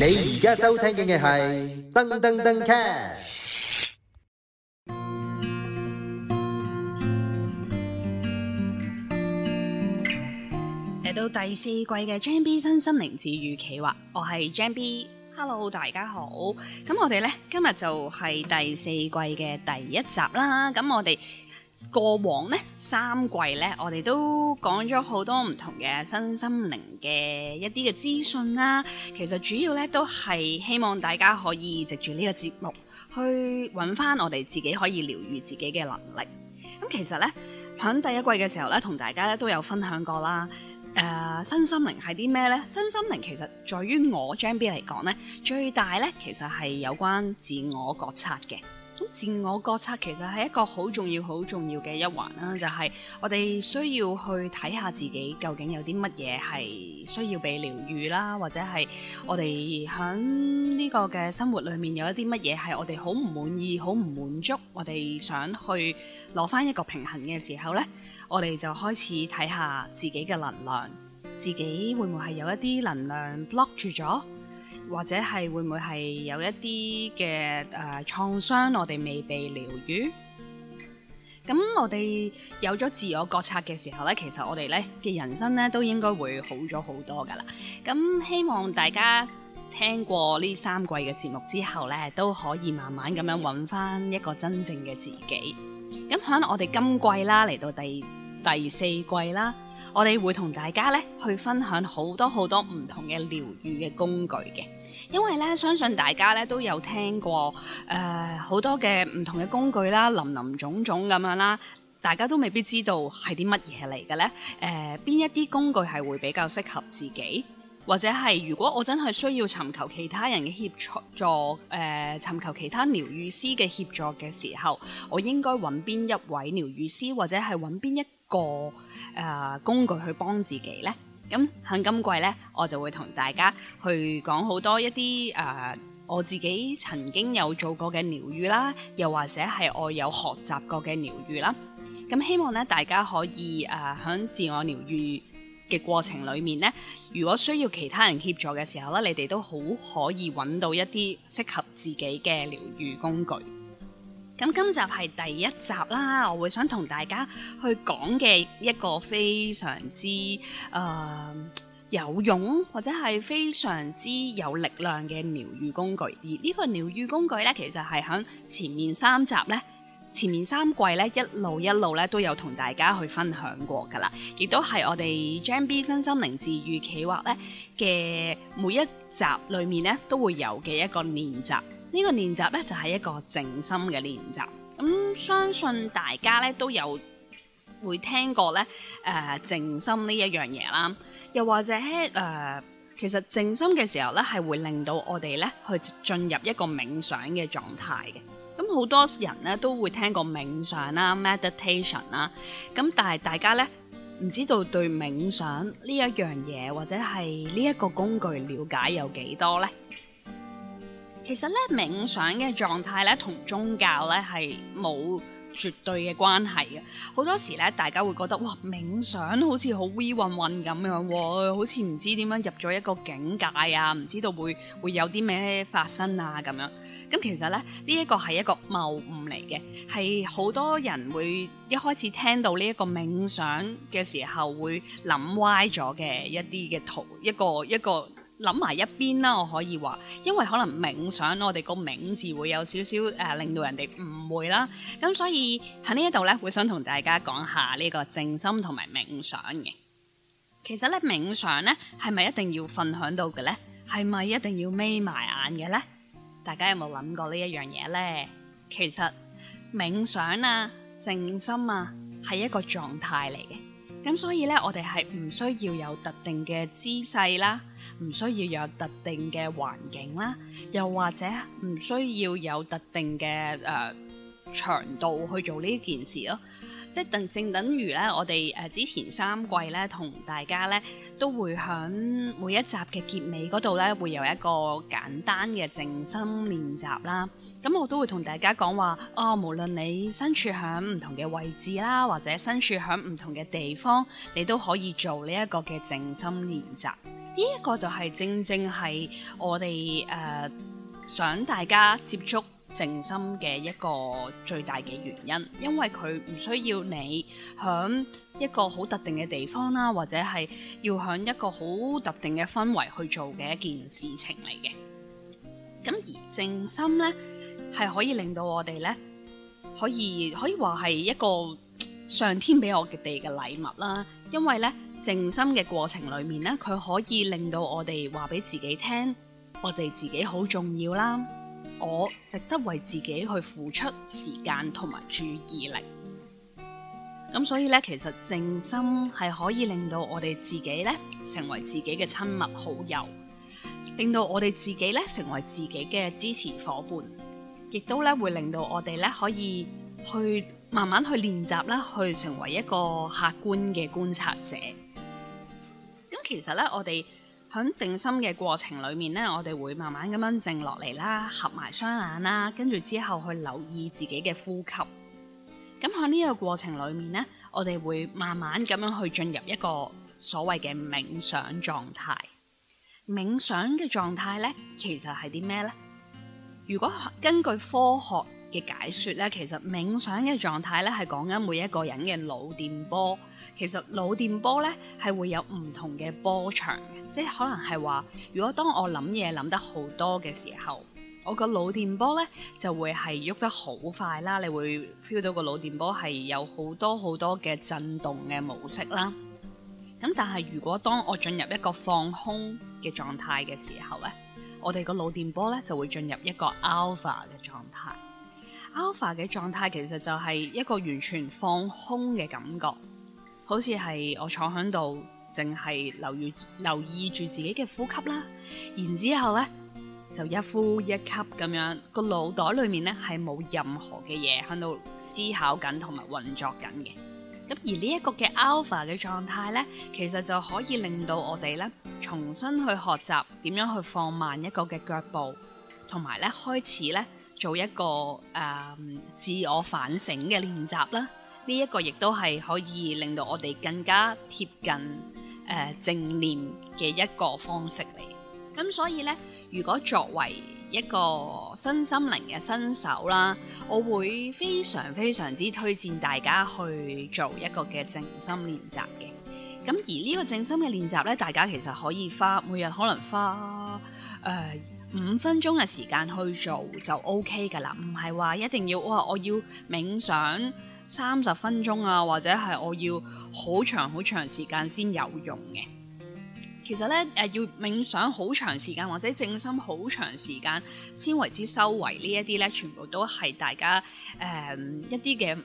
你而家收聽緊嘅係噔噔噔卡，嚟到第四季嘅 Jam B 新心靈治癒企劃，我係 Jam B，Hello 大家好，咁我哋咧今日就係第四季嘅第一集啦，咁我哋。過往咧三季咧，我哋都講咗好多唔同嘅新心靈嘅一啲嘅資訊啦。其實主要咧都係希望大家可以藉住呢個節目去揾返我哋自己可以療癒自己嘅能力。咁、嗯、其實咧喺第一季嘅時候咧，同大家咧都有分享過啦。誒、呃，新心靈係啲咩咧？新心靈其實在於我 Gembi 嚟講咧，最大咧其實係有關自我覺察嘅。自我覺察其實係一個好重要、好重要嘅一環啦，就係我哋需要去睇下自己究竟有啲乜嘢係需要被療愈啦，或者係我哋喺呢個嘅生活裡面有一啲乜嘢係我哋好唔滿意、好唔滿足，我哋想去攞翻一個平衡嘅時候呢，我哋就開始睇下自己嘅能量，自己會唔會係有一啲能量 block 住咗？或者係會唔會係有一啲嘅誒創傷，我哋未被療癒？咁我哋有咗自我覺察嘅時候咧，其實我哋咧嘅人生咧都應該會好咗好多㗎喇。咁希望大家聽過呢三季嘅節目之後咧，都可以慢慢咁樣揾返一個真正嘅自己。咁喺我哋今季啦，嚟到第第四季啦，我哋會同大家咧去分享好多好多唔同嘅療癒嘅工具嘅。因為咧，相信大家咧都有聽過誒好、呃、多嘅唔同嘅工具啦，林林總總咁樣啦，大家都未必知道係啲乜嘢嚟嘅咧。誒、呃，邊一啲工具係會比較適合自己？或者係如果我真係需要尋求其他人嘅協助，誒、呃、尋求其他療癒師嘅協助嘅時候，我應該揾邊一位療癒師，或者係揾邊一個誒、呃、工具去幫自己呢？咁喺、嗯、今季咧，我就會同大家去講好多一啲誒、呃，我自己曾經有做過嘅療愈啦，又或者係我有學習過嘅療愈啦。咁、嗯、希望咧，大家可以誒喺、呃、自我療愈嘅過程裏面咧，如果需要其他人協助嘅時候咧，你哋都好可以揾到一啲適合自己嘅療愈工具。咁今集係第一集啦，我會想同大家去講嘅一個非常之誒、呃、有用，或者係非常之有力量嘅療愈工具。而呢個療愈工具呢，其實係響前面三集呢，前面三季呢，一路一路呢，都有同大家去分享過噶啦，亦都係我哋 Gem B 身心靈治癒企劃呢嘅每一集裡面呢，都會有嘅一個練習。呢個練習咧就係一個靜心嘅練習，咁、嗯、相信大家咧都有會聽過咧誒靜心呢一樣嘢啦，又或者誒、呃、其實靜心嘅時候咧係會令到我哋咧去進入一個冥想嘅狀態嘅，咁、嗯、好多人咧都會聽過冥想啦、啊、meditation 啦、啊，咁但係大家咧唔知道對冥想呢一樣嘢或者係呢一個工具了解有幾多咧？其實咧冥想嘅狀態咧同宗教咧係冇絕對嘅關係嘅，好多時咧大家會覺得，哇，冥想好似好 we 韻韻咁樣，好似唔知點樣入咗一個境界啊，唔知道會會有啲咩發生啊咁樣。咁其實咧呢一個係一個謬誤嚟嘅，係好多人會一開始聽到呢一個冥想嘅時候會諗歪咗嘅一啲嘅圖一個一個。一個諗埋一邊啦，我可以話，因為可能冥想我哋個冥字會有少少誒、呃，令到人哋誤會啦。咁所以喺呢一度咧，會想同大家講下呢個靜心同埋冥想嘅。其實咧，冥想咧係咪一定要瞓響度嘅咧？係咪一定要眯埋眼嘅咧？大家有冇諗過呢一樣嘢咧？其實冥想啊、靜心啊係一個狀態嚟嘅，咁所以咧，我哋係唔需要有特定嘅姿勢啦。唔需要有特定嘅環境啦，又或者唔需要有特定嘅誒、呃、長度去做呢件事咯。即係等正等於咧，我哋誒、呃、之前三季咧，同大家咧都會喺每一集嘅結尾嗰度咧，會有一個簡單嘅靜心練習啦。咁、嗯、我都會同大家講話哦，無論你身處喺唔同嘅位置啦，或者身處喺唔同嘅地方，你都可以做呢一個嘅靜心練習。呢一個就係正正係我哋誒、uh, 想大家接觸靜心嘅一個最大嘅原因，因為佢唔需要你喺一個好特定嘅地方啦，或者係要喺一個好特定嘅氛圍去做嘅一件事情嚟嘅。咁而靜心呢，係可以令到我哋呢，可以可以話係一個上天俾我哋嘅禮物啦，因為呢。靜心嘅過程裏面咧，佢可以令到我哋話俾自己聽，我哋自己好重要啦，我值得為自己去付出時間同埋注意力。咁所以咧，其實靜心係可以令到我哋自己咧，成為自己嘅親密好友，令到我哋自己咧，成為自己嘅支持夥伴，亦都咧會令到我哋咧可以去慢慢去練習啦，去成為一個客觀嘅觀察者。咁其實咧，我哋喺靜心嘅過程裏面咧，我哋會慢慢咁樣靜落嚟啦，合埋雙眼啦，跟住之後去留意自己嘅呼吸。咁喺呢個過程裏面咧，我哋會慢慢咁樣去進入一個所謂嘅冥想狀態。冥想嘅狀態咧，其實係啲咩咧？如果根據科學嘅解說咧，其實冥想嘅狀態咧，係講緊每一個人嘅腦電波。其實腦電波咧係會有唔同嘅波長嘅，即係可能係話，如果當我諗嘢諗得好多嘅時候，我個腦電波咧就會係喐得好快啦。你會 feel 到個腦電波係有好多好多嘅震動嘅模式啦。咁但係如果當我進入一個放空嘅狀態嘅時候咧，我哋個腦電波咧就會進入一個 alpha 嘅狀態。Alpha 嘅狀態其實就係一個完全放空嘅感覺。好似係我坐響度，淨係留意留意住自己嘅呼吸啦，然之後呢，就一呼一吸咁樣，個腦袋裏面呢係冇任何嘅嘢喺度思考緊同埋運作緊嘅。咁而呢一個嘅 alpha 嘅狀態呢，其實就可以令到我哋呢重新去學習點樣去放慢一個嘅腳步，同埋呢開始呢做一個誒、呃、自我反省嘅練習啦。呢一個亦都係可以令到我哋更加貼近誒、呃、正念嘅一個方式嚟。咁、嗯、所以呢，如果作為一個身心靈嘅新手啦，我會非常非常之推薦大家去做一個嘅正心練習嘅。咁、嗯、而呢個正心嘅練習呢，大家其實可以花每日可能花誒五、呃、分鐘嘅時間去做就 OK 㗎喇，唔係話一定要哇、哦、我要冥想。三十分鐘啊，或者係我要好長好長時間先有用嘅。其實咧，誒、呃、要冥想好長時間，或者靜心好長時間先為之收穫。呢一啲咧，全部都係大家誒、呃、一啲嘅，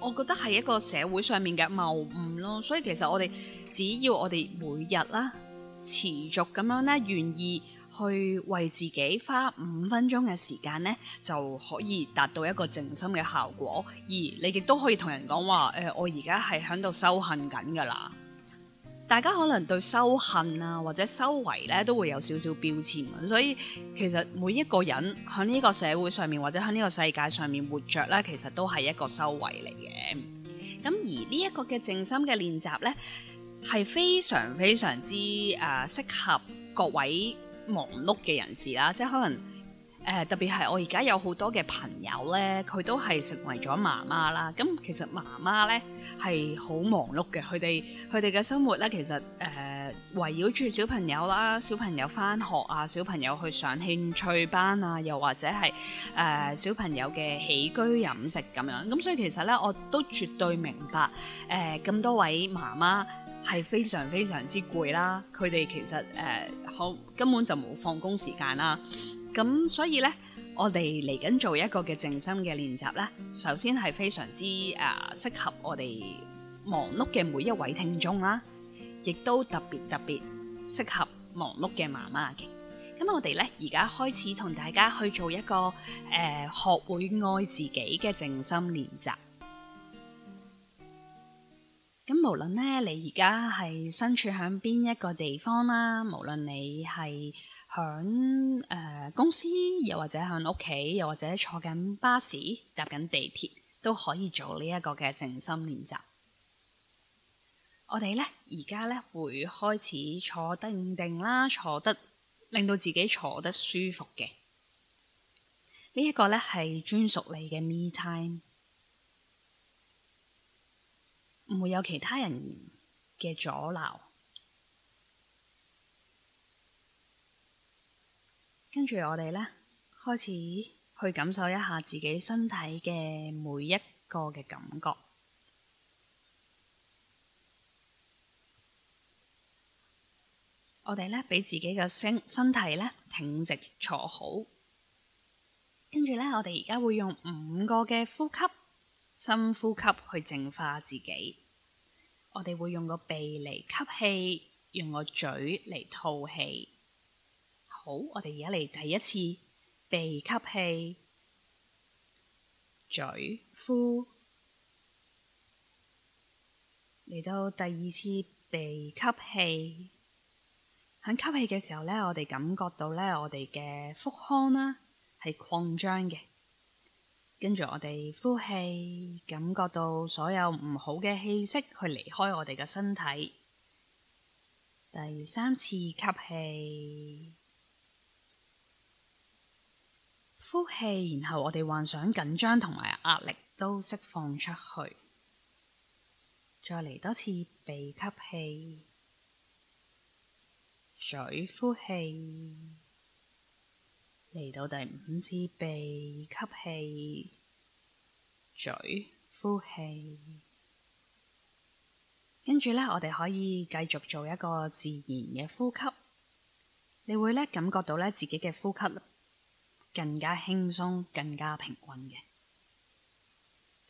我覺得係一個社會上面嘅謬誤咯。所以其實我哋只要我哋每日啦，持續咁樣咧，願意，去為自己花五分鐘嘅時間呢，就可以達到一個靜心嘅效果。而你亦都可以同人講話：誒、呃，我而家係喺度修行緊噶啦。大家可能對修行啊或者修為呢，都會有少少標籤，所以其實每一個人喺呢個社會上面或者喺呢個世界上面活着呢，其實都係一個修為嚟嘅。咁而呢一個嘅靜心嘅練習呢，係非常非常之誒適、呃、合各位，忙碌嘅人士啦，即係可能誒，特別係我而家有好多嘅朋友咧，佢都係成為咗媽媽啦。咁其實媽媽咧係好忙碌嘅，佢哋佢哋嘅生活咧其實誒圍繞住小朋友啦，小朋友翻學啊，小朋友去上興趣班啊，又或者係誒小朋友嘅起居飲食咁樣。咁所以其實咧，我都絕對明白誒咁多位媽媽。係非常非常之攰啦，佢哋其實誒好、呃、根本就冇放工時間啦，咁所以呢，我哋嚟緊做一個嘅靜心嘅練習呢，首先係非常之誒、呃、適合我哋忙碌嘅每一位聽眾啦，亦都特別特別適合忙碌嘅媽媽嘅。咁我哋呢，而家開始同大家去做一個誒、呃、學會愛自己嘅靜心練習。咁無論咧，你而家係身處喺邊一個地方啦，無論你係響誒公司，又或者響屋企，又或者坐緊巴士、搭緊地鐵，都可以做呢一個嘅靜心練習。我哋咧而家咧會開始坐定定啦，坐得令到自己坐得舒服嘅，呢一個咧係專屬你嘅 me time。唔會有其他人嘅阻撓，跟住我哋咧開始去感受一下自己身體嘅每一個嘅感覺。我哋咧俾自己嘅個身體咧挺直，坐好，跟住咧我哋而家會用五個嘅呼吸，深呼吸去淨化自己。我哋會用個鼻嚟吸氣，用個嘴嚟吐氣。好，我哋而家嚟第一次鼻吸氣，嘴呼。嚟到第二次鼻吸氣。喺吸氣嘅時候咧，我哋感覺到咧，我哋嘅腹腔啦係擴張嘅。跟住我哋呼氣，感覺到所有唔好嘅氣息去離開我哋嘅身體。第三次吸氣，呼氣，然後我哋幻想緊張同埋壓力都釋放出去。再嚟多次鼻吸氣，嘴呼氣。嚟到第五次鼻吸氣，嘴呼氣，跟住咧，我哋可以繼續做一個自然嘅呼吸。你會咧感覺到咧自己嘅呼吸更加輕鬆、更加平均嘅。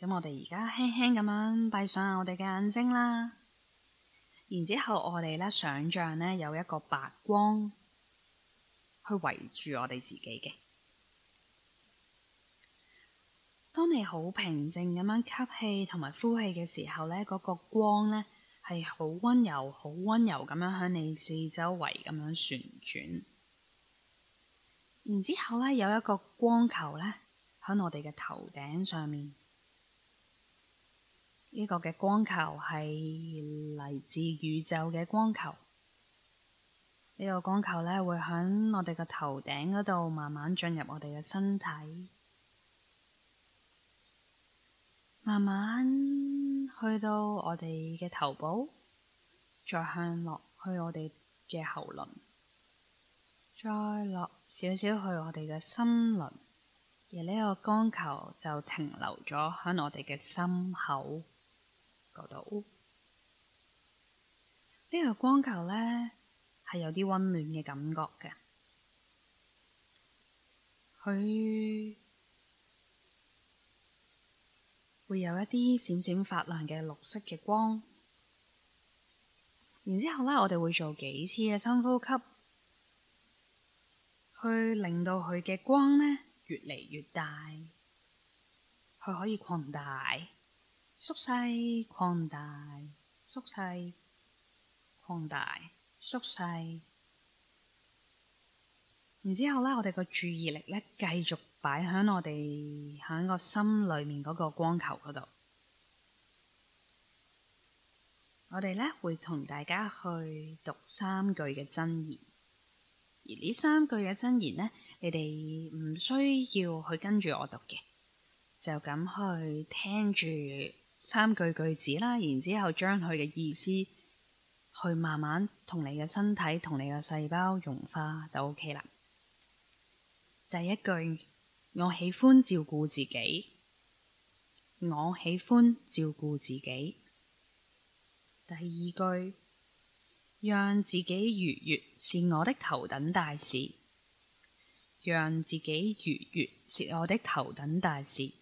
咁我哋而家輕輕咁樣閉上我哋嘅眼睛啦，然之後我哋咧想像咧有一個白光。去圍住我哋自己嘅。當你好平靜咁樣吸氣同埋呼氣嘅時候呢，嗰個光呢係好溫柔、好溫柔咁樣向你四周圍咁樣旋轉。然之後呢，有一個光球呢，喺我哋嘅頭頂上面。呢個嘅光球係嚟自宇宙嘅光球。呢個光球呢，會響我哋嘅頭頂嗰度慢慢進入我哋嘅身體，慢慢去到我哋嘅頭部，再向落去我哋嘅喉輪，再落少少去我哋嘅心輪，而呢個光球就停留咗響我哋嘅心口嗰度。呢、呢個光球呢，係有啲溫暖嘅感覺嘅，佢會有一啲閃閃發亮嘅綠色嘅光，然之後咧，我哋會做幾次嘅深呼吸，去令到佢嘅光咧越嚟越大，佢可以擴大、縮細、擴大、縮細、擴大。縮細，然之後咧，我哋個注意力咧繼續擺喺我哋喺個心裏面嗰個光球嗰度。我哋咧會同大家去讀三句嘅真言，而呢三句嘅真言呢，你哋唔需要去跟住我讀嘅，就咁去聽住三句句子啦。然之後將佢嘅意思。去慢慢同你嘅身體同你嘅細胞融化就 OK 啦。第一句，我喜歡照顧自己，我喜歡照顧自己。第二句，讓自己愉悦是我的頭等大事，讓自己愉悦是我的頭等大事。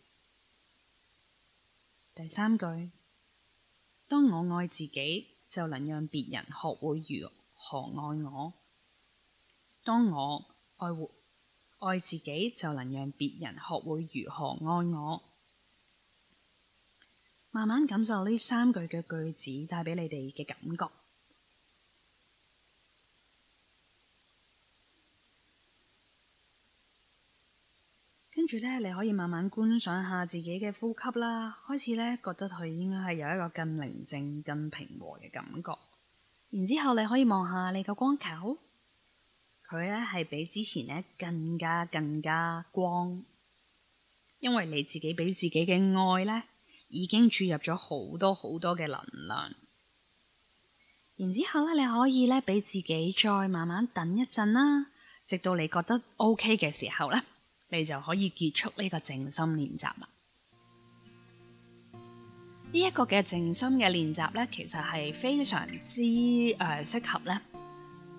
第三句，當我愛自己，就能讓別人學會如何愛我。當我愛活愛自己，就能讓別人學會如何愛我。慢慢感受呢三句嘅句子帶畀你哋嘅感覺。住咧，你可以慢慢觀想下自己嘅呼吸啦。開始咧，覺得佢應該係有一個更寧靜、更平和嘅感覺。然之後你可以望下你個光球，佢咧係比之前咧更加更加光，因為你自己俾自己嘅愛咧，已經注入咗好多好多嘅能量。然之後咧，你可以咧俾自己再慢慢等一陣啦，直到你覺得 OK 嘅時候咧。你就可以結束呢個靜心練習啦。呢、這、一個嘅靜心嘅練習咧，其實係非常之誒、呃、適合咧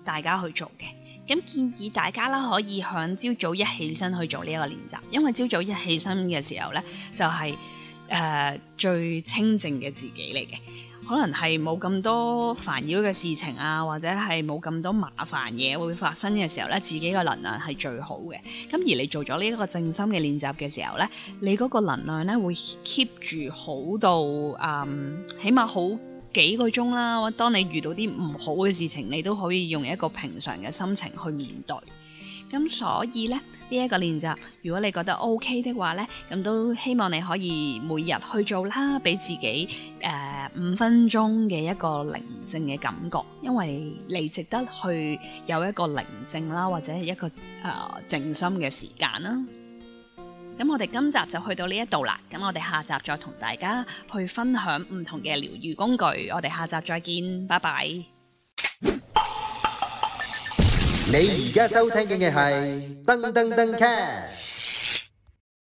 大家去做嘅。咁建議大家啦，可以響朝早一起身去做呢一個練習，因為朝早一起身嘅時候咧，就係、是、誒、呃、最清靜嘅自己嚟嘅。可能係冇咁多煩擾嘅事情啊，或者係冇咁多麻煩嘢會發生嘅時候咧，自己嘅能量係最好嘅。咁而你做咗呢一個正心嘅練習嘅時候咧，你嗰個能量咧會 keep 住好到，嗯，起碼好幾個鐘啦。當你遇到啲唔好嘅事情，你都可以用一個平常嘅心情去面對。咁所以咧。呢一個練習，如果你覺得 OK 的話咧，咁都希望你可以每日去做啦，俾自己誒、呃、五分鐘嘅一個寧靜嘅感覺，因為你值得去有一個寧靜啦，或者係一個誒靜、呃、心嘅時間啦。咁我哋今集就去到呢一度啦，咁我哋下集再同大家去分享唔同嘅療愈工具，我哋下集再見，拜拜。你而家收聽嘅係噔噔噔 cat。